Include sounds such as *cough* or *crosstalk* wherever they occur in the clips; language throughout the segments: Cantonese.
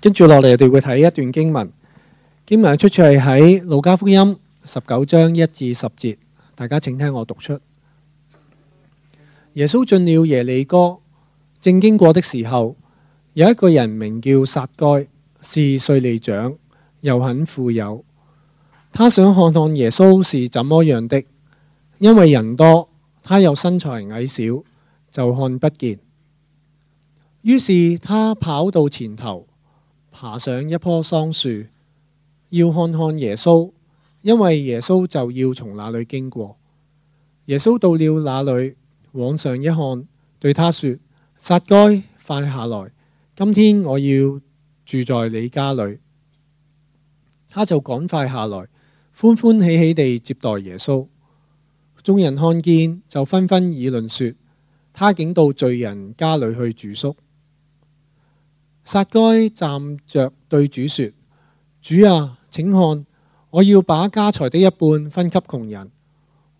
跟住落嚟，我哋會睇一段經文。經文嘅出處係喺《路加福音》十九章一至十節。大家請聽我讀出：耶穌進了耶利哥，正經過的時候，有一個人名叫撒該，是稅吏長，又很富有。他想看看耶穌是怎麼樣的，因為人多，他又身材矮小，就看不見。於是他跑到前頭。爬上一棵桑樹，要看看耶穌，因為耶穌就要從那裡經過。耶穌到了那裡，往上一看，對他說：撒該，快下來！今天我要住在你家裡。他就趕快下來，歡歡喜喜地接待耶穌。眾人看見，就紛紛議論說：他竟到罪人家裡去住宿！撒該站着對主說：主啊，請看，我要把家財的一半分給窮人。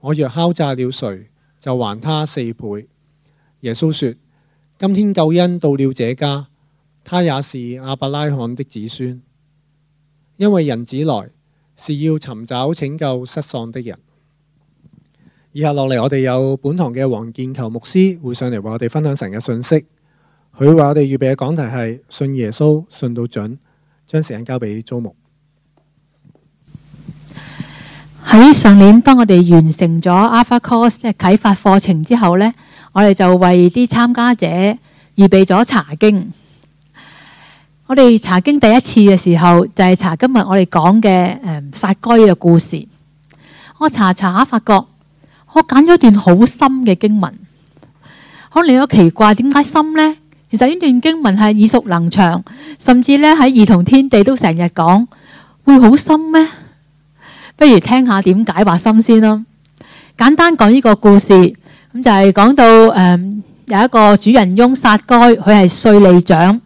我若敲詐了誰，就還他四倍。耶穌說：今天救恩到了這家，他也是阿伯拉罕的子孫，因為人子來是要尋找拯救失喪的人。以下落嚟，我哋有本堂嘅黃建球牧師會上嚟，為我哋分享神日信息。佢話我哋預備嘅講題係信耶穌信到準，將時間交俾租牧」。喺上年當我哋完成咗 Alpha Course 即係啟發課程之後呢，我哋就為啲參加者預備咗查經。我哋查經第一次嘅時候就係、是、查今日我哋講嘅撒該嘅故事。我查查下，發覺我揀咗段好深嘅經文，可能有奇怪，點解深呢？其實呢段經文係耳熟能詳，甚至咧，喺兒童天地都成日講，會好深咩？不如聽下點解話深先咯。簡單講呢個故事，咁就係講到誒，有一個主人翁撒該，佢係稅吏長。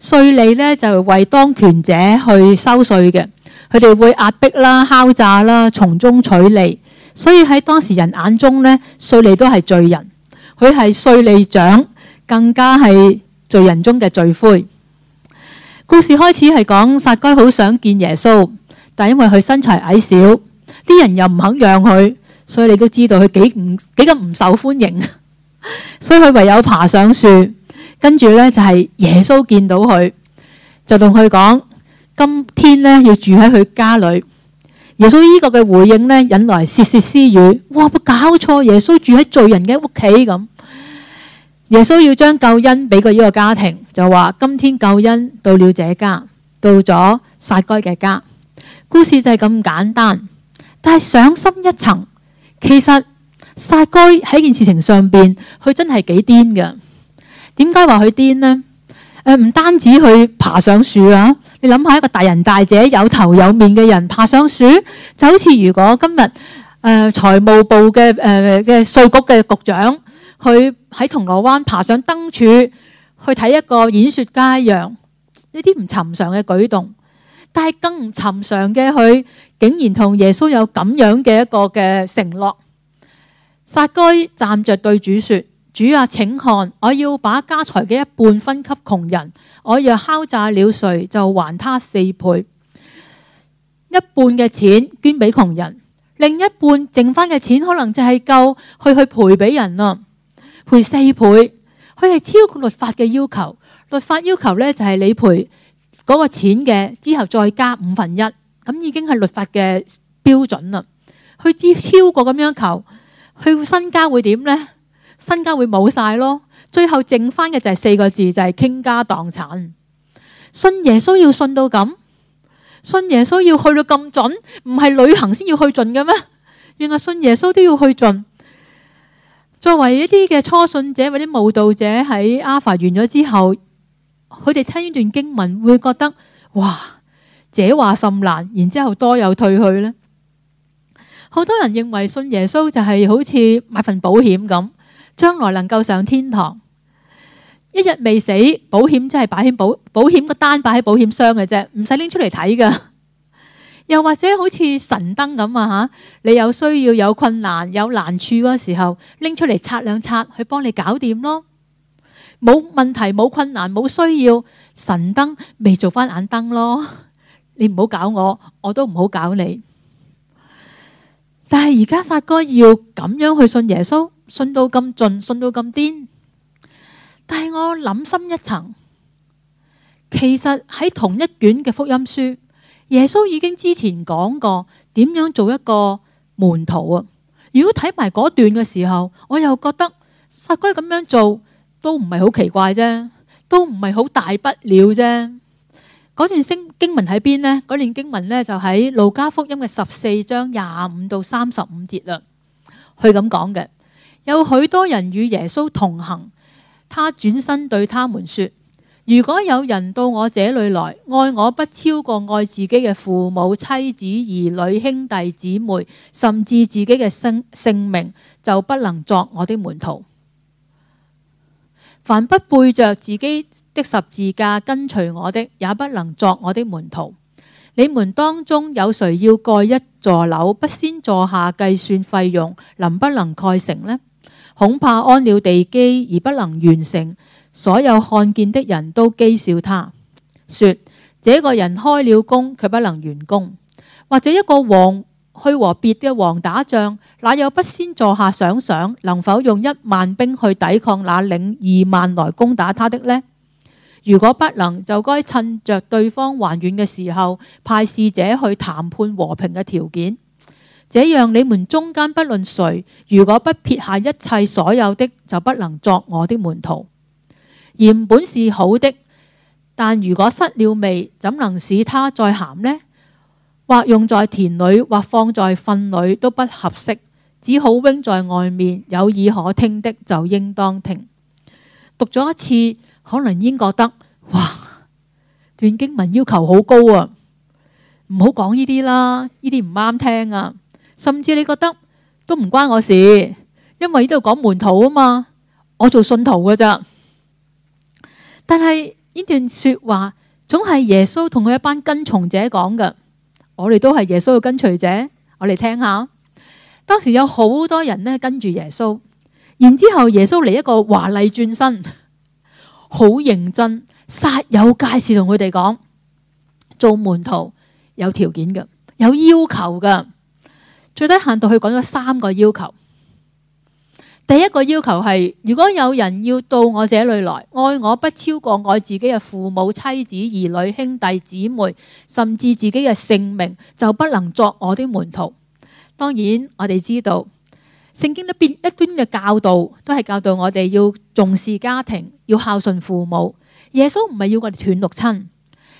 稅吏咧就為當權者去收稅嘅，佢哋會壓迫啦、敲詐啦、從中取利，所以喺當時人眼中咧，稅吏都係罪人。佢係稅吏長，更加係。罪人中嘅罪魁。故事開始係講撒該好想見耶穌，但因為佢身材矮小，啲人又唔肯讓佢，所以你都知道佢幾唔幾咁唔受歡迎。 *laughs* 所以佢唯有爬上樹，跟住呢就係耶穌見到佢，就同佢講，今天呢要住喺佢家裏。耶穌呢個嘅回應呢引來竊竊私語，哇，冇搞錯，耶穌住喺罪人嘅屋企咁。耶穌要將救恩俾佢呢個家庭，就話：今天救恩到了了這家，到咗撒該嘅家。故事就係咁簡單，但係想深一層，其實撒該喺件事情上邊，佢真係幾癲㗎。點解話佢癲呢？誒，唔單止去爬上樹啊！你諗下一個大人大姐有頭有面嘅人爬上樹，就好似如果今日誒、呃、財務部嘅誒嘅稅局嘅局長。去喺銅鑼灣爬上燈柱去睇一個演說家，一樣呢啲唔尋常嘅舉動。但係更唔尋常嘅，佢竟然同耶穌有咁樣嘅一個嘅承諾。撒居站着對主說：主啊，請看，我要把家財嘅一半分給窮人。我若敲詐了誰，就還他四倍。一半嘅錢捐俾窮人，另一半剩翻嘅錢可能就係夠佢去賠俾人啦。賠四倍，佢係超過律法嘅要求。律法要求呢就係你賠嗰個錢嘅之後再加五分一，咁已經係律法嘅標準啦。佢之超過咁樣求，佢身家會點呢？身家會冇晒咯。最後剩翻嘅就係四個字，就係傾家蕩產。信耶穌要信到咁，信耶穌要去到咁準，唔係旅行先要去盡嘅咩？原來信耶穌都要去盡。作為一啲嘅初信者或者慕道者喺阿法完咗之後，佢哋聽呢段經文會覺得哇，這話甚難。然之後多有退去呢。好多人認為信耶穌就係好似買份保險咁，將來能夠上天堂，一日未死保險真係擺喺保保險個單擺喺保險箱嘅啫，唔使拎出嚟睇噶。又或者好似神燈咁啊吓，你有需要、有困難、有難處嗰時候，拎出嚟擦兩擦，去幫你搞掂咯。冇問題、冇困難、冇需要，神燈未做翻眼燈咯。你唔好搞我，我都唔好搞你。但係而家撒哥要咁樣去信耶穌，信到咁盡，信到咁癲。但係我諗深一層，其實喺同一卷嘅福音書。耶穌已經之前講過點樣做一個門徒啊！如果睇埋嗰段嘅時候，我又覺得撒該咁樣做都唔係好奇怪啫，都唔係好大不了啫。嗰段經經文喺邊呢？嗰段經文呢就喺路加福音嘅十四章廿五到三十五節啦。佢咁講嘅，有許多人與耶穌同行，他轉身對他們說，如果有人到我這裏來，愛我不超過愛自己嘅父母、妻子、兒女、兄弟姊妹，甚至自己嘅性命，就不能作我的門徒。凡不背着自己的十字架跟隨我的，也不能作我的門徒。你們當中有誰要蓋一座樓，不先坐下計算費用，能不能蓋成呢？恐怕安了地基而不能完成。所有看見的人都譏笑他，說：這個人開了工，卻不能完工。或者一個王去和別的王打仗，哪有不先坐下想想，能否用一萬兵去抵抗那領二萬來攻打他的呢？如果不能，就該趁着對方還遠嘅時候，派使者去談判和平嘅條件。這樣你們中間，不論誰，如果不撇下一切所有的，就不能作我的門徒。鹽本是好的，但如果失了味，怎能使它再咸呢？或用在田裏，或放在糞裏都不合適，只好扔在外面。有耳可聽的就應當聽。讀咗一次，可能已經覺得哇段經文要求好高啊，唔好講呢啲啦，呢啲唔啱聽啊。甚至你覺得都唔關我事，因為呢度講門徒啊嘛，我做信徒㗎咋。」但係呢段說話總係耶穌同佢一班跟從者講嘅，我哋都係耶穌嘅跟隨者，我哋聽下。當時有好多人咧跟住耶穌，然之後耶穌嚟一個華麗轉身，好認真，煞有介事同佢哋講，做門徒有條件嘅，有要求嘅，最低限度佢講咗三個要求。第一個要求係，如果有人要到我這裡來，愛我不超過愛自己嘅父母、妻子、兒女、兄弟姊妹，甚至自己嘅性命，就不能作我的門徒。當然，我哋知道聖經裏邊一端嘅教導都係教導我哋要重視家庭，要孝順父母。耶穌唔係要我哋斷六親，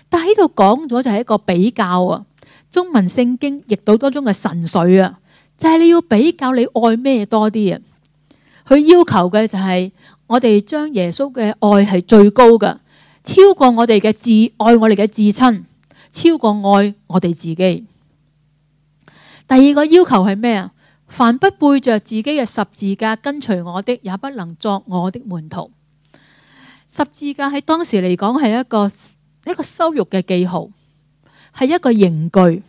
但喺度講咗就係一個比較啊。中文聖經譯到當中嘅神髓啊，就係、是、你要比較你愛咩多啲啊。佢要求嘅就係我哋將耶穌嘅愛係最高嘅，超過我哋嘅至愛，我哋嘅至親，超過愛我哋自己。第二個要求係咩啊？凡不背着自己嘅十字架跟隨我的，也不能作我的門徒。十字架喺當時嚟講係一個一個羞辱嘅記號，係一個刑具，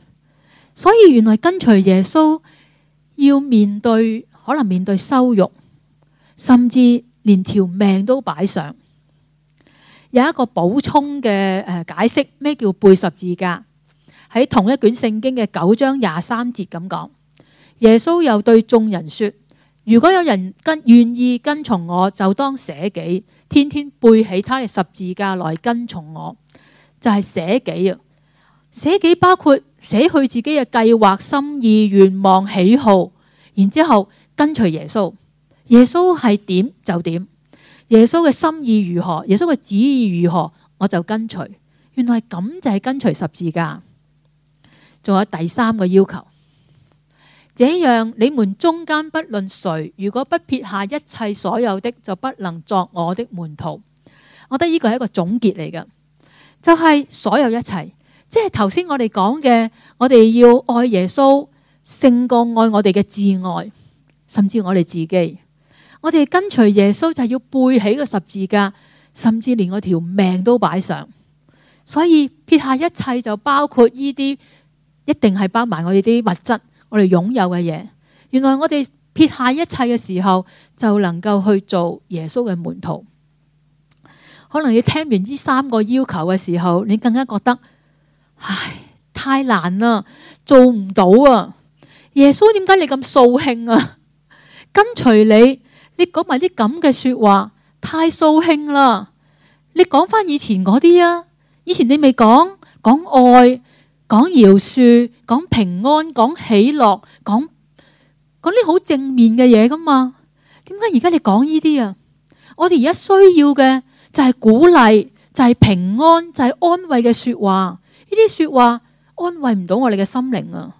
所以原來跟隨耶穌要面對可能面對羞辱。甚至連條命都擺上。有一個補充嘅誒解釋，咩叫背十字架？喺同一卷聖經嘅九章廿三節咁講，耶穌又對眾人說：如果有人跟願意跟從我，就當捨己，天天背起他嘅十字架來跟從我，就係捨己啊！捨己包括捨去自己嘅計劃、心意、願望、喜好，然之後跟隨耶穌。耶穌係點就點，耶穌嘅心意如何，耶穌嘅旨意如何，我就跟隨。原來係咁就係跟隨十字架。仲有第三個要求，這樣你們中間不論誰，如果不撇下一切所有的，就不能作我的門徒。我覺得呢個係一個總結嚟㗎，就係、是、所有一切，即係頭先我哋講嘅，我哋要愛耶穌勝過愛我哋嘅摯愛，甚至我哋自己。我哋跟隨耶穌就要背起個十字架，甚至連我條命都擺上，所以撇下一切就包括呢啲一定係包埋我哋啲物質，我哋擁有嘅嘢。原來我哋撇下一切嘅時候，就能夠去做耶穌嘅門徒。可能你聽完呢三個要求嘅時候，你更加覺得唉，太難啦，做唔到啊！耶穌點解你咁掃興啊？跟隨你。你講埋啲咁嘅說話太掃興啦！你講翻以前嗰啲啊，以前你咪講講愛、講饒恕、講平安、講喜樂、講講啲好正面嘅嘢噶嘛？點解而家你講呢啲啊？我哋而家需要嘅就係鼓勵，就係平安，就係安慰嘅說話。呢啲說話安慰唔到我哋嘅心靈啊！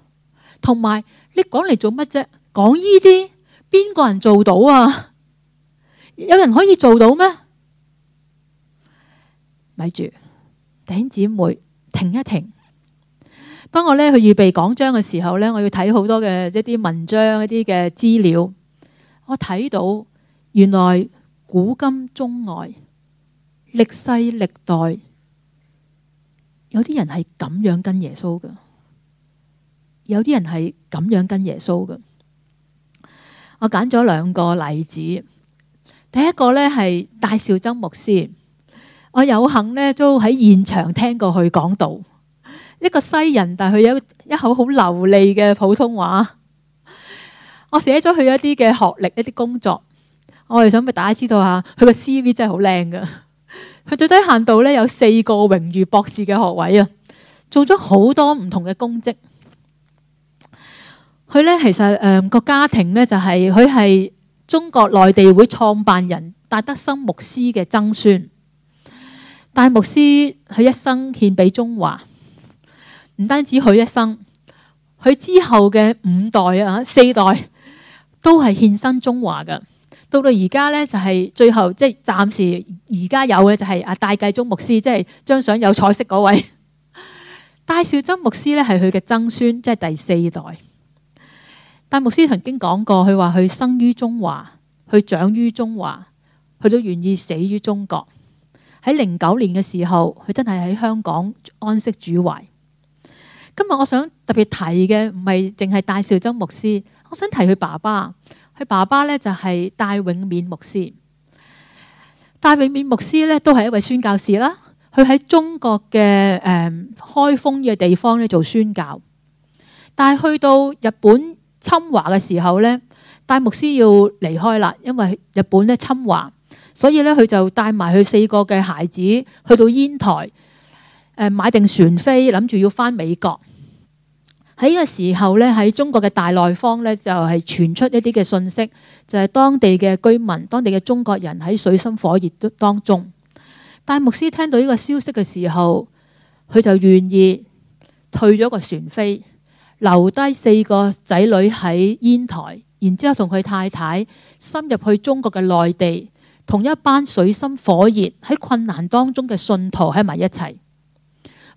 同埋你講嚟做乜啫？講呢啲？邊個人做到啊？有人可以做到咩？咪住，弟兄姊妹，停一停。當我咧去預備講章嘅時候咧，我要睇好多嘅一啲文章、一啲嘅資料。我睇到原來古今中外歷世歷代有啲人係咁樣跟耶穌嘅，有啲人係咁樣跟耶穌嘅。我揀咗兩個例子，第一個呢係戴紹曾牧師，我有幸呢都喺現場聽過佢講道。一個西人，但係佢有一口好流利嘅普通話。我寫咗佢一啲嘅學歷、一啲工作，我哋想俾大家知道下，佢個 CV 真係好靚㗎。佢最低限度呢，有四個榮譽博士嘅學位啊，做咗好多唔同嘅公職。佢咧其實誒個家庭咧就係佢係中國內地會創辦人戴德生牧師嘅曾孫。戴牧師佢一生獻俾中華，唔單止佢一生，佢之後嘅五代啊四代都係獻身中華嘅。到到而家咧就係最後即係暫時而家有嘅就係啊戴繼宗牧師，即係張相有彩色嗰位。戴紹曾牧師咧係佢嘅曾孫，即係第四代。戴牧師曾經講過，佢話佢生於中華，佢長於中華，佢都願意死於中國。喺零九年嘅時候，佢真係喺香港安息主懷。今日我想特別提嘅唔係淨係戴紹曾牧師，我想提佢爸爸。佢爸爸呢就係戴永冕牧師。戴永冕牧師呢都係一位宣教士啦。佢喺中國嘅誒、嗯、開封嘅地方呢做宣教，但係去到日本。侵華嘅時候呢，戴牧師要離開啦，因為日本咧侵華，所以咧佢就帶埋佢四個嘅孩子去到煙台，誒買定船飛，諗住要翻美國。喺呢個時候咧，喺中國嘅大內方咧就係傳出一啲嘅信息，就係當地嘅居民、當地嘅中國人喺水深火熱當中。戴牧師聽到呢個消息嘅時候，佢就願意退咗個船飛。留低四個仔女喺煙台，然之後同佢太太深入去中國嘅內地，同一班水深火熱喺困難當中嘅信徒喺埋一齊，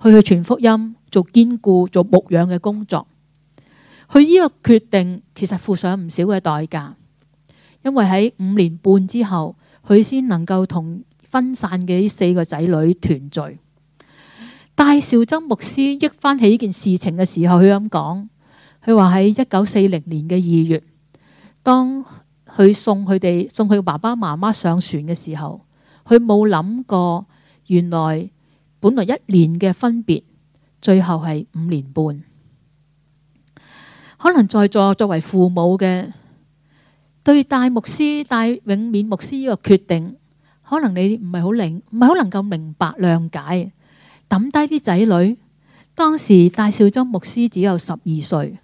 去去傳福音、做堅固、做牧養嘅工作。佢呢個決定其實付上唔少嘅代價，因為喺五年半之後，佢先能夠同分散嘅四個仔女團聚。戴紹曾牧師憶翻起呢件事情嘅時候，佢咁講：佢話喺一九四零年嘅二月，當佢送佢哋送佢爸爸媽媽上船嘅時候，佢冇諗過，原來本來一年嘅分別，最後係五年半。可能在座作為父母嘅，對戴牧師戴永冕牧師呢個決定，可能你唔係好領唔係好能夠明白、諒解。抌低啲仔女。當時戴紹曾牧師只有十二歲，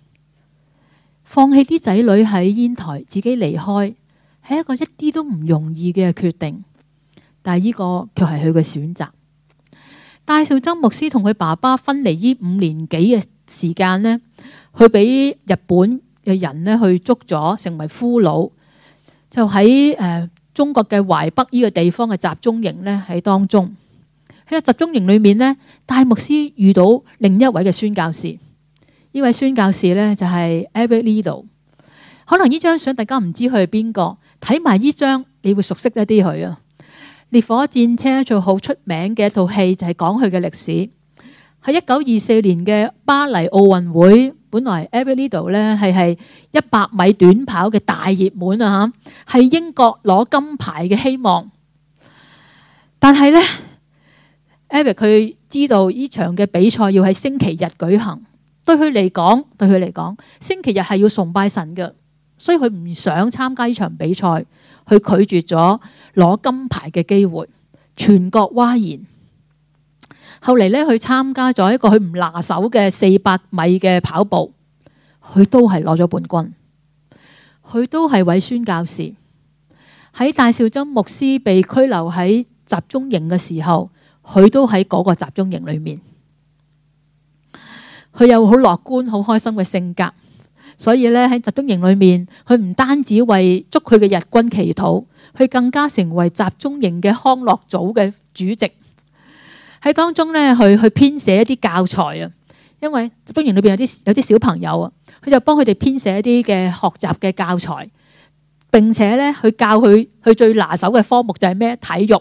放棄啲仔女喺煙台，自己離開，係一個一啲都唔容易嘅決定。但係呢個卻係佢嘅選擇。戴紹曾牧師同佢爸爸分離呢五年幾嘅時間，呢佢俾日本嘅人去捉咗，成為俘虜，就喺誒中國嘅淮北呢個地方嘅集中營呢喺當中。喺個集中營裏面呢，戴牧師遇到另一位嘅宣教士。呢位宣教士呢，就係 Eric Liddell。可能呢張相大家唔知佢係邊個，睇埋呢張你會熟悉一啲佢啊。烈火戰車最好出名嘅一套戲就係講佢嘅歷史。喺一九二四年嘅巴黎奧運會，本來 Eric Liddell 呢係係一百米短跑嘅大熱門啊，吓係英國攞金牌嘅希望，但係呢。Eric 佢知道呢場嘅比賽要喺星期日舉行，對佢嚟講，對佢嚟講，對佢嚟講，星期日係要崇拜神嘅，所以佢唔想參加呢場比賽，佢拒絕咗攞金牌嘅機會，全國嘩然。後嚟呢，佢參加咗一個佢唔拿手嘅四百米嘅跑步，佢都係攞咗冠軍，佢都係位宣教士。喺戴少珍牧師被拘留喺集中營嘅時候。佢都喺嗰個集中營裏面，佢有好樂觀、好開心嘅性格，所以咧喺集中營裏面，佢唔單止為捉佢嘅日軍祈禱，佢更加成為集中營嘅康樂組嘅主席。喺當中咧，佢去編寫一啲教材啊，因為集中營裏邊有啲有啲小朋友啊，佢就幫佢哋編寫一啲嘅學習嘅教材，並且咧去教佢，佢最拿手嘅科目就係咩體育。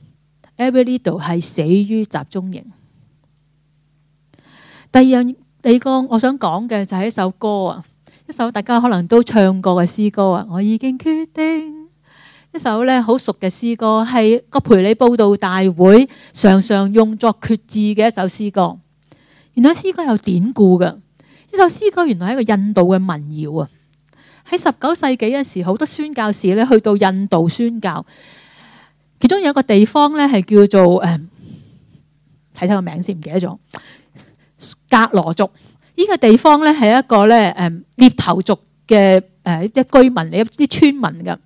Averardo 係死於集中營。第二樣，第二個我想講嘅就係一首歌啊，一首大家可能都唱過嘅詩歌啊。我已經決定一首咧好熟嘅詩歌，係個培理佈道大會常常用作決志嘅一首詩歌。原來詩歌有典故嘅，呢首詩歌原來係一個印度嘅民謠啊。喺十九世紀嘅時，好多宣教士咧去到印度宣教。其中有一個地方咧，係叫做誒，睇下個名先，唔記得咗，格羅族。呢個地方咧係一個咧誒，獵頭族嘅誒，一居民，一啲村民嘅，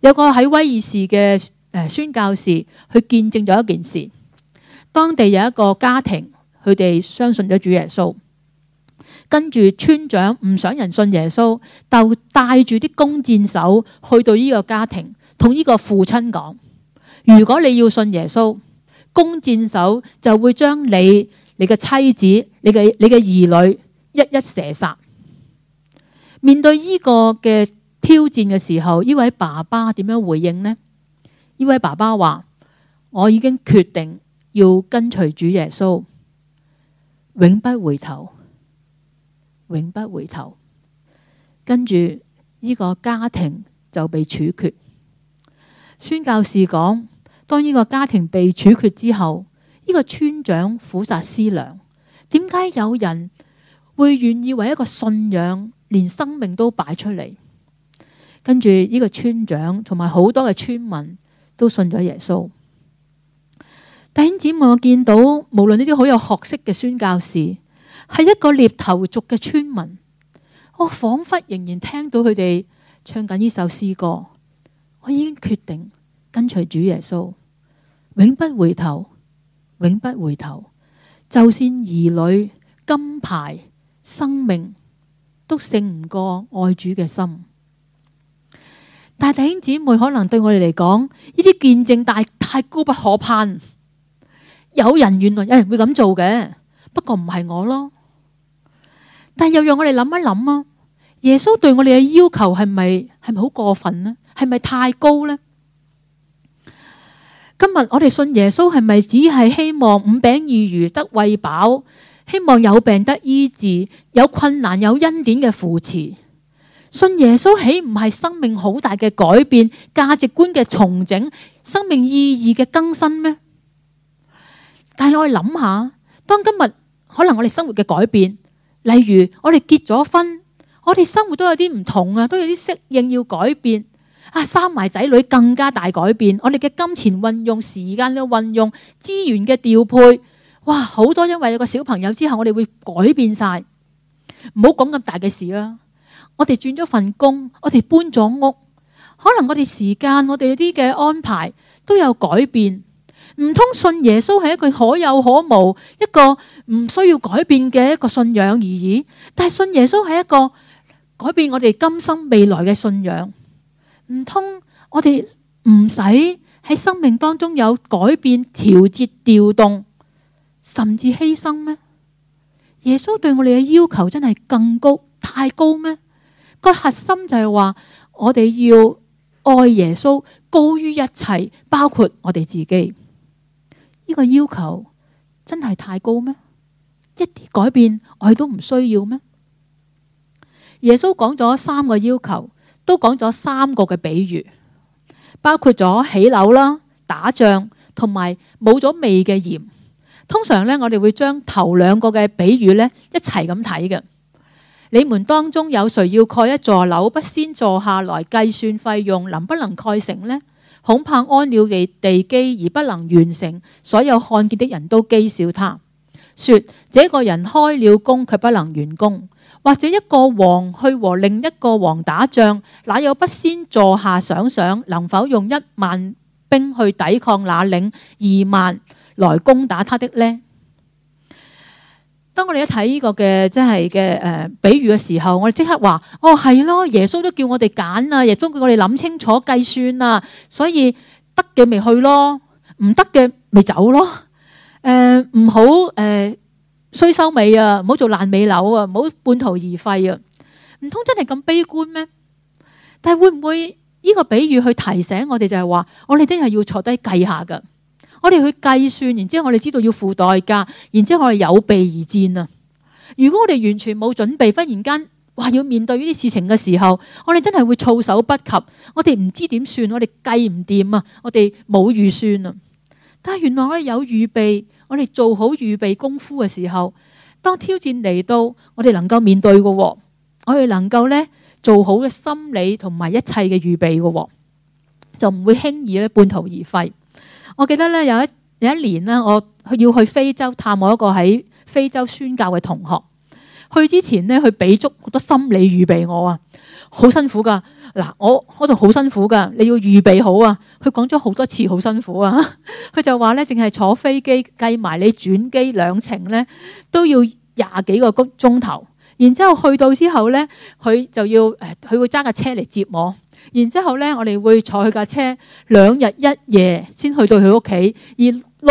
有個喺威爾士嘅誒宣教士去見證咗一件事。當地有一個家庭，佢哋相信咗主耶穌。跟住村長唔想人信耶穌，就帶住啲弓箭手去到呢個家庭，同呢個父親講。如果你要信耶穌，弓箭手就會將你、你嘅妻子、你嘅你嘅兒女一一射殺。面對呢個嘅挑戰嘅時候，呢位爸爸點樣回應呢？呢位爸爸話：我已經決定要跟隨主耶穌，永不回頭，永不回頭。跟住呢個家庭就被處決。宣教士講。當呢個家庭被處決之後，呢個村長苦煞思量，點解有人會願意為一個信仰連生命都擺出嚟？跟住呢個村長同埋好多嘅村民都信咗耶穌。弟兄姊妹，我見到無論呢啲好有學識嘅宣教士，係一個獵頭族嘅村民，我仿佛仍然聽到佢哋唱緊呢首詩歌。我已經決定。跟隨主耶穌，永不回頭，永不回頭。就算兒女、金牌、生命都勝唔過愛主嘅心。但弟兄姊妹，可能對我哋嚟講，呢啲見證大太高不可攀。有人願啊，有人會咁做嘅，不過唔係我咯。但又讓我哋諗一諗啊，耶穌對我哋嘅要求係咪係咪好過分呢？係咪太高呢？今日我哋信耶穌係咪只係希望五餅二魚得餵飽，希望有病得醫治，有困難有恩典嘅扶持？信耶穌豈唔係生命好大嘅改變、價值觀嘅重整、生命意義嘅更新咩？但係我哋諗下，當今日可能我哋生活嘅改變，例如我哋結咗婚，我哋生活都有啲唔同啊，都有啲適應要改變。啊！生埋仔女更加大改變，我哋嘅金錢運用、時間嘅運用、資源嘅調配，哇，好多因為有個小朋友之後，我哋會改變晒。唔好講咁大嘅事啦。我哋轉咗份工，我哋搬咗屋，可能我哋時間，我哋啲嘅安排都有改變。唔通信耶穌係一個可有可無，一個唔需要改變嘅一個信仰而已？但係信耶穌係一個改變我哋今生未來嘅信仰。唔通我哋唔使喺生命當中有改變、調節、調動，甚至犧牲咩？耶穌對我哋嘅要求真係更高，太高咩？個核心就係話我哋要愛耶穌高於一切，包括我哋自己。呢個要求真係太高咩？一啲改變我哋都唔需要咩？耶穌講咗三個要求。都講咗三個嘅比喻，包括咗起樓啦、打仗同埋冇咗味嘅鹽。通常呢，我哋會將頭兩個嘅比喻呢一齊咁睇嘅。你們當中有誰要蓋一座樓，不先坐下來計算費用，能不能蓋成呢？恐怕安了嘅地基而不能完成。所有看見的人都譏笑他，說：這個人開了工卻不能完工。或者一個王去和另一個王打仗，哪有不先坐下想想，能否用一萬兵去抵抗那領二萬來攻打他的呢？當我哋一睇呢個嘅即係嘅誒，比喻嘅時候，我哋即刻話：哦係咯，耶穌都叫我哋揀啊，耶穌都叫我哋諗清楚計算啦，所以得嘅咪去咯，唔得嘅咪走咯。誒、呃，唔好誒。呃衰收尾啊！唔好做爛尾樓啊！唔好半途而廢啊！唔通真係咁悲觀咩？但係會唔會呢個比喻去提醒我哋？就係話我哋真係要坐低計下噶，我哋去計算，然之後我哋知道要付代價，然之後我哋有備而戰啊！如果我哋完全冇準備，忽然間話要面對呢啲事情嘅時候，我哋真係會措手不及，我哋唔知點算，我哋計唔掂啊，我哋冇預算啊！但係原來我哋有預備。我哋做好預備功夫嘅時候，當挑戰嚟到，我哋能夠面對嘅，我哋能夠咧做好嘅心理同埋一切嘅預備嘅，就唔會輕易咧半途而廢。我記得咧有一有一年咧，我要去非洲探望我一個喺非洲宣教嘅同學，去之前咧佢俾足好多心理預備我啊。好辛苦㗎嗱，我我就好辛苦㗎。你要預備好啊。佢講咗好多次，好辛苦啊。佢就話咧，淨係坐飛機計埋你轉機兩程咧，都要廿幾個鐘頭。然之後去到之後咧，佢就要誒，佢會揸架車嚟接我。然之後咧，我哋會坐佢架車兩日一夜先去到佢屋企。而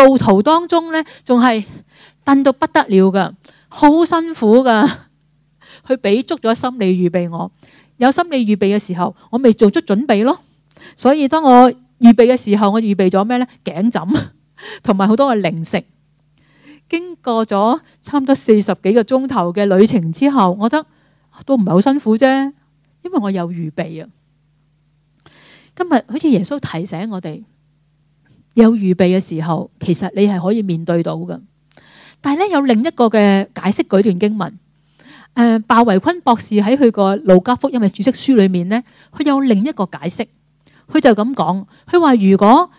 路途當中咧，仲係燉到不得了㗎，好辛苦㗎。佢俾足咗心理預備我。有心理預備嘅時候，我未做足準備咯，所以當我預備嘅時候，我預備咗咩呢？頸枕同埋好多嘅零食。經過咗差唔多四十幾個鐘頭嘅旅程之後，我覺得都唔係好辛苦啫，因為我有預備啊。今日好似耶穌提醒我哋，有預備嘅時候，其實你係可以面對到嘅。但係咧，有另一個嘅解釋，舉段經文。誒、呃，鮑維坤博士喺佢個《路加福音》嘅註釋書裏面呢，佢有另一個解釋。佢就咁講，佢話：如果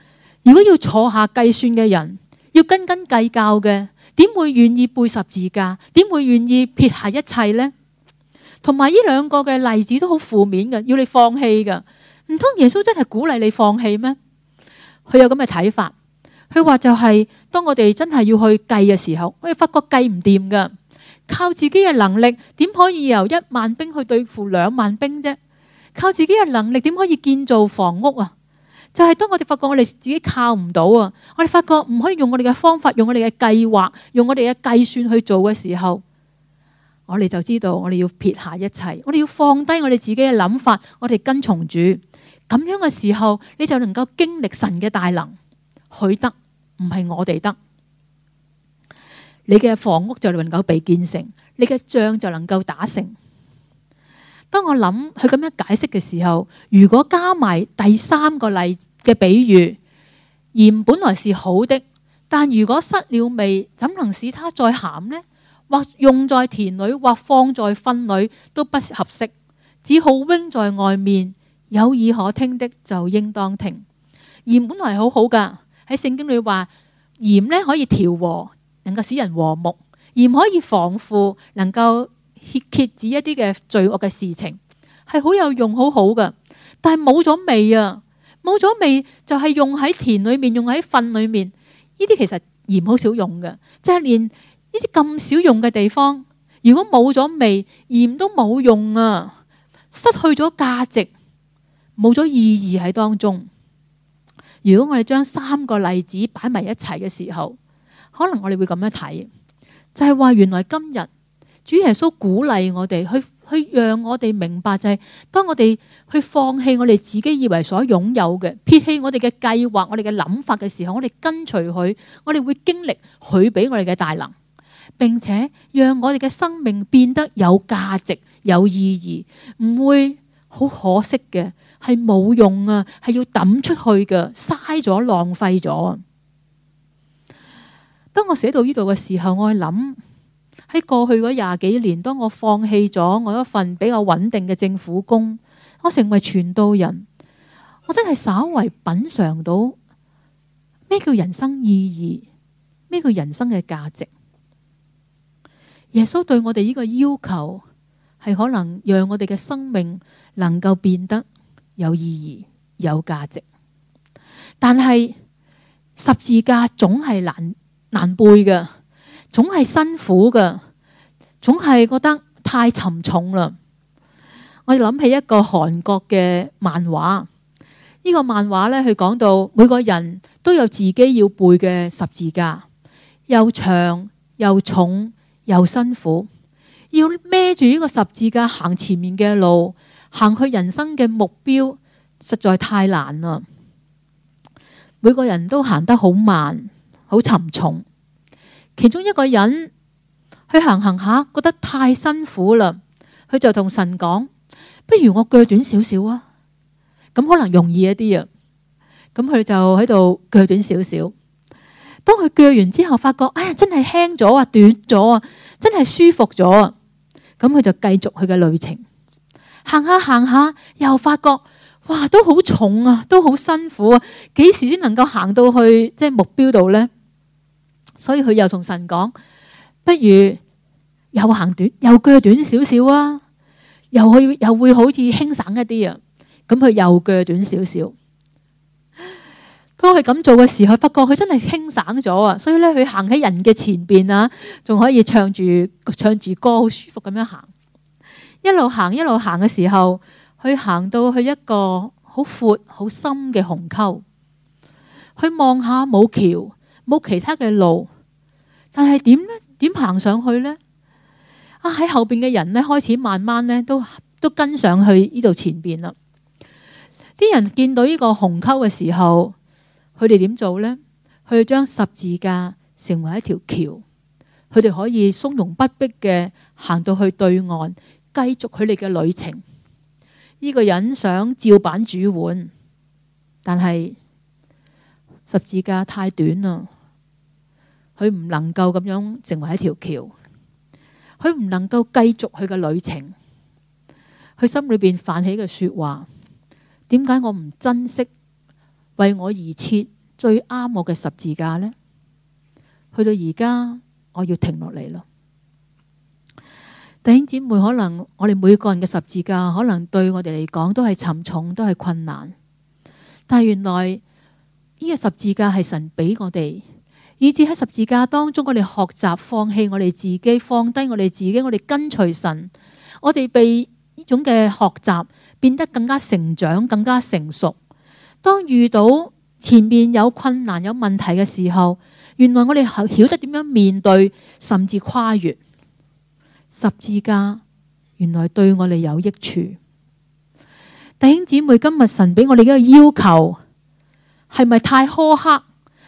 如果要坐下計算嘅人，要斤斤計較嘅，點會願意背十字架？點會願意撇下一切呢？同埋呢兩個嘅例子都好負面嘅，要你放棄嘅。唔通耶穌真係鼓勵你放棄咩？佢有咁嘅睇法。佢話就係、是、當我哋真係要去計嘅時候，我哋發覺計唔掂㗎。靠自己嘅能力，點可以由一萬兵去對付兩萬兵啫？靠自己嘅能力，點可以建造房屋啊？就係、是、當我哋發覺我哋自己靠唔到啊，我哋發覺唔可以用我哋嘅方法，用我哋嘅計劃，用我哋嘅計算去做嘅時候，我哋就知道我哋要撇下一切，我哋要放低我哋自己嘅諗法，我哋跟從主。咁樣嘅時候，你就能夠經歷神嘅大能，佢得，唔係我哋得。你嘅房屋就能夠被建成，你嘅帳就能夠打成。當我諗佢咁樣解釋嘅時候，如果加埋第三個例子嘅比喻，鹽本來是好的，但如果失了味，怎能使它再鹹呢？或用在田裏，或放在糞裏都不合適，只好扔在外面。有耳可聽的就應當聽。鹽本來好好噶，喺聖經裏話鹽呢可以調和。能夠使人和睦，而唔可以防腐，能夠揭揭止一啲嘅罪惡嘅事情，係好有用，很好好嘅。但係冇咗味啊，冇咗味就係用喺田裡面，用喺糞裏面，呢啲其實鹽好少用嘅。即係連呢啲咁少用嘅地方，如果冇咗味，鹽都冇用啊，失去咗價值，冇咗意義喺當中。如果我哋將三個例子擺埋一齊嘅時候，可能我哋會咁樣睇，就係話原來今日主耶穌鼓勵我哋，去去讓我哋明白就係，當我哋去放棄我哋自己以為所擁有嘅，撇棄我哋嘅計劃、我哋嘅諗法嘅時候，我哋跟隨佢，我哋會經歷佢俾我哋嘅大能，並且讓我哋嘅生命變得有價值、有意義，唔會好可惜嘅，係冇用啊，係要抌出去嘅，嘥咗、浪費咗。當我寫到呢度嘅時候，我去諗喺過去嗰廿幾年，當我放棄咗我一份比較穩定嘅政府工，我成為傳道人，我真係稍為品嘗到咩叫人生意義，咩叫人生嘅價值。耶穌對我哋呢個要求係可能讓我哋嘅生命能夠變得有意義、有價值，但係十字架總係難。難背嘅，總係辛苦嘅，總係覺得太沉重啦。我諗起一個韓國嘅漫畫，呢個漫畫呢，佢講到每個人都有自己要背嘅十字架，又長又重又辛苦，要孭住呢個十字架行前面嘅路，行去人生嘅目標，實在太難啦。每個人都行得好慢。好沉重，其中一個人去行行下，覺得太辛苦啦，佢就同神講，不如我鋸短少少啊，咁可能容易一啲啊。咁佢就喺度鋸短少少。當佢鋸完之後，發覺，哎呀，真係輕咗啊，短咗啊，真係舒服咗啊。咁佢就繼續佢嘅旅程，行下行下，又發覺。哇，都好重啊，都好辛苦啊！幾時先能夠行到去即係目標度呢？所以佢又同神講：不如又行短，又腳短少少啊，又去又會好似輕省一啲啊！咁佢又腳短少少，當佢咁做嘅時候，不過佢真係輕省咗啊！所以咧，佢行喺人嘅前邊啊，仲可以唱住唱住歌，好舒服咁樣行，一路行一路行嘅時候。去行到去一個好闊、好深嘅鴻溝，去望下冇橋冇其他嘅路，但係點呢？點行上去呢？啊！喺後邊嘅人呢，開始慢慢呢都都跟上去呢度前邊啦。啲人見到呢個鴻溝嘅時候，佢哋點做呢？佢將十字架成為一條橋，佢哋可以從容不迫嘅行到去對岸，繼續佢哋嘅旅程。呢、這個人想照板煮碗，但係十字架太短啦，佢唔能夠咁樣成為一條橋，佢唔能夠繼續佢嘅旅程。佢心裏邊泛起嘅說話：點解我唔珍惜為我而設最啱我嘅十字架呢？去到而家，我要停落嚟咯。弟兄姊妹，可能我哋每個人嘅十字架，可能對我哋嚟講都係沉重，都係困難。但係原來呢個十字架係神俾我哋，以至喺十字架當中，我哋學習放棄我哋自己，放低我哋自己，我哋跟隨神，我哋被呢種嘅學習變得更加成長，更加成熟。當遇到前面有困難、有問題嘅時候，原來我哋曉得點樣面對，甚至跨越。十字架原來對我哋有益處，弟兄姊妹，今日神俾我哋一個要求，係咪太苛刻？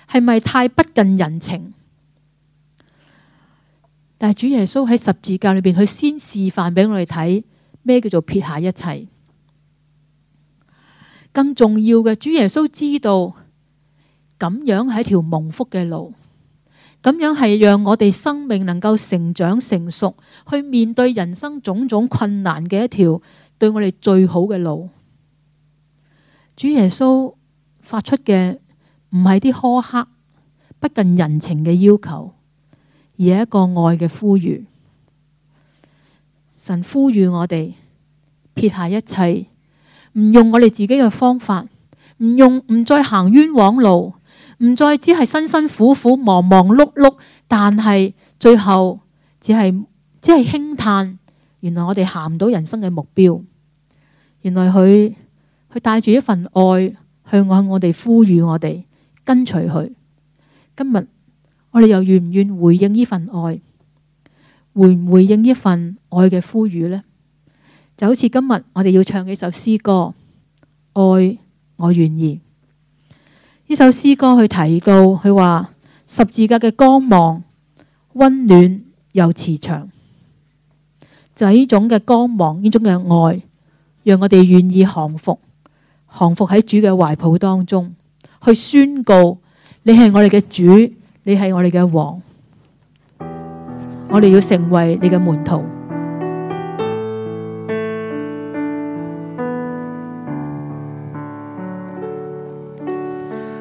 係咪太不近人情？但係主耶穌喺十字架裏邊，佢先示範俾我哋睇咩叫做撇下一切。更重要嘅，主耶穌知道咁樣係一條蒙福嘅路。咁樣係讓我哋生命能夠成長成熟，去面對人生種種困難嘅一條對我哋最好嘅路。主耶穌發出嘅唔係啲苛刻、不近人情嘅要求，而係一個愛嘅呼籲。神呼籲我哋撇下一切，唔用我哋自己嘅方法，唔用唔再行冤枉路。唔再只係辛辛苦苦忙忙碌碌，但係最後只係只係輕嘆，原來我哋行唔到人生嘅目標。原來佢佢帶住一份愛去向我哋呼籲我哋，我哋跟隨佢。今日我哋又願唔願回應呢份愛？回唔回應呢份愛嘅呼籲呢？就好似今日我哋要唱幾首詩歌，愛我願意。呢首詩歌去提到佢，話十字架嘅光芒溫暖又慈祥，就係呢種嘅光芒，呢種嘅愛，讓我哋願意降服，降服喺主嘅懷抱當中，去宣告你係我哋嘅主，你係我哋嘅王，我哋要成為你嘅門徒。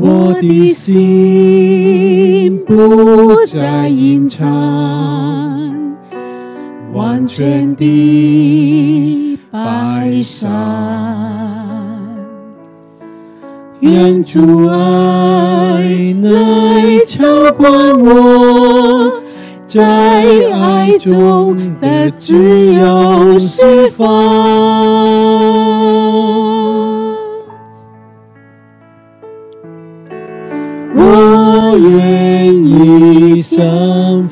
我的心不再隱藏，完全的白紗。 *noise* *noise* 願主愛能澆灌我，在愛中的自由釋放。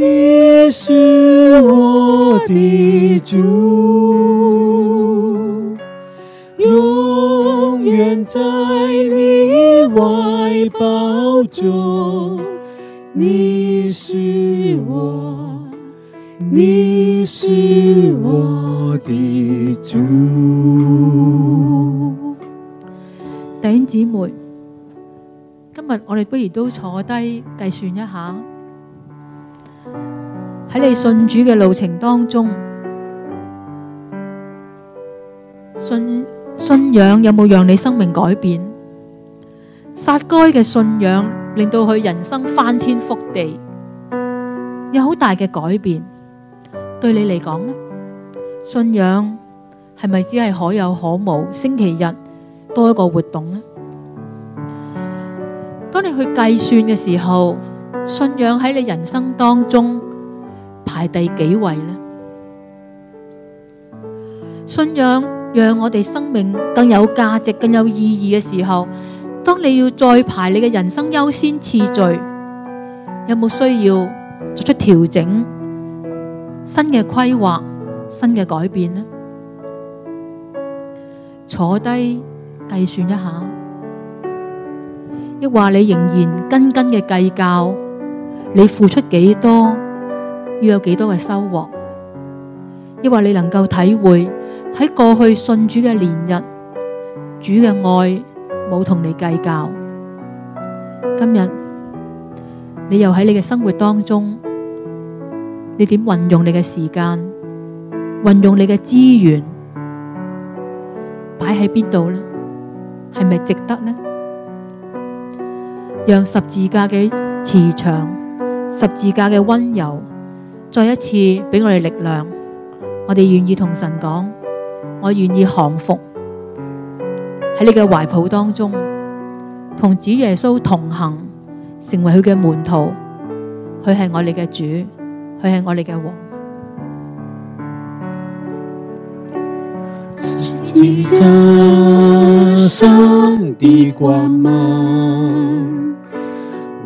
你是我的主，永遠在你懷抱中。你是我，你是我的主。弟兄姊妹，今日我哋不如都坐低計算一下。喺你信主嘅路程當中，信信仰有冇讓你生命改變？撒該嘅信仰令到佢人生翻天覆地，有好大嘅改變。對你嚟講咧，信仰係咪只係可有可無？星期日多一個活動咧，當你去計算嘅時候。信仰喺你人生當中排第幾位呢？信仰讓我哋生命更有價值、更有意義嘅時候，當你要再排你嘅人生優先次序，有冇需要作出調整、新嘅規劃、新嘅改變呢？坐低計算一下，抑或你仍然斤斤嘅計較。你付出幾多，要有幾多嘅收穫？抑或你能夠體會喺過去信主嘅年日，主嘅愛冇同你計較。今日你又喺你嘅生活當中，你點運用你嘅時間，運用你嘅資源，擺喺邊度咧？係咪值得咧？讓十字架嘅磁場。十字架嘅溫柔，再一次俾我哋力量。我哋願意同神講，我願意降服喺你嘅懷抱當中，同主耶穌同行，成為佢嘅門徒。佢係我哋嘅主，佢係我哋嘅王。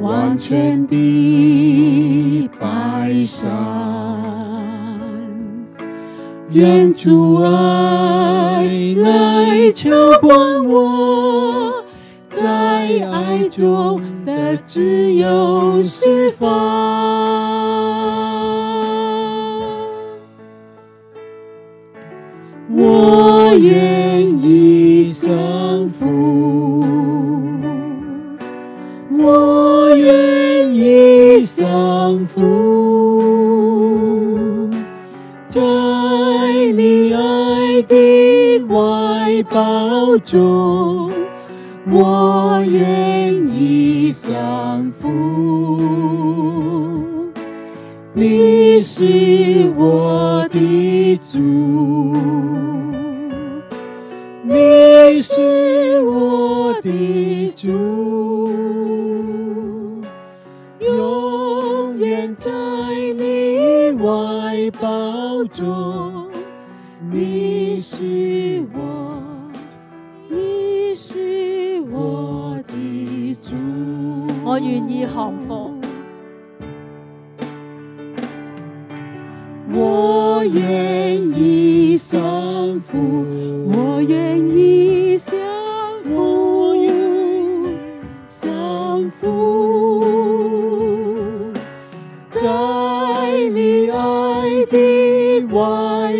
完全的擺上，願主愛來澆灌我，在愛中的自由釋放，我願意。福，在你愛的懷抱中，我願意降伏。你是我的主，你是。說你是我，你是我的主，我願意降服。我願意順服，我願意。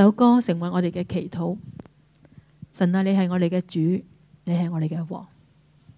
呢首歌成為我哋嘅祈禱，神啊，你係我哋嘅主，你係我哋嘅王。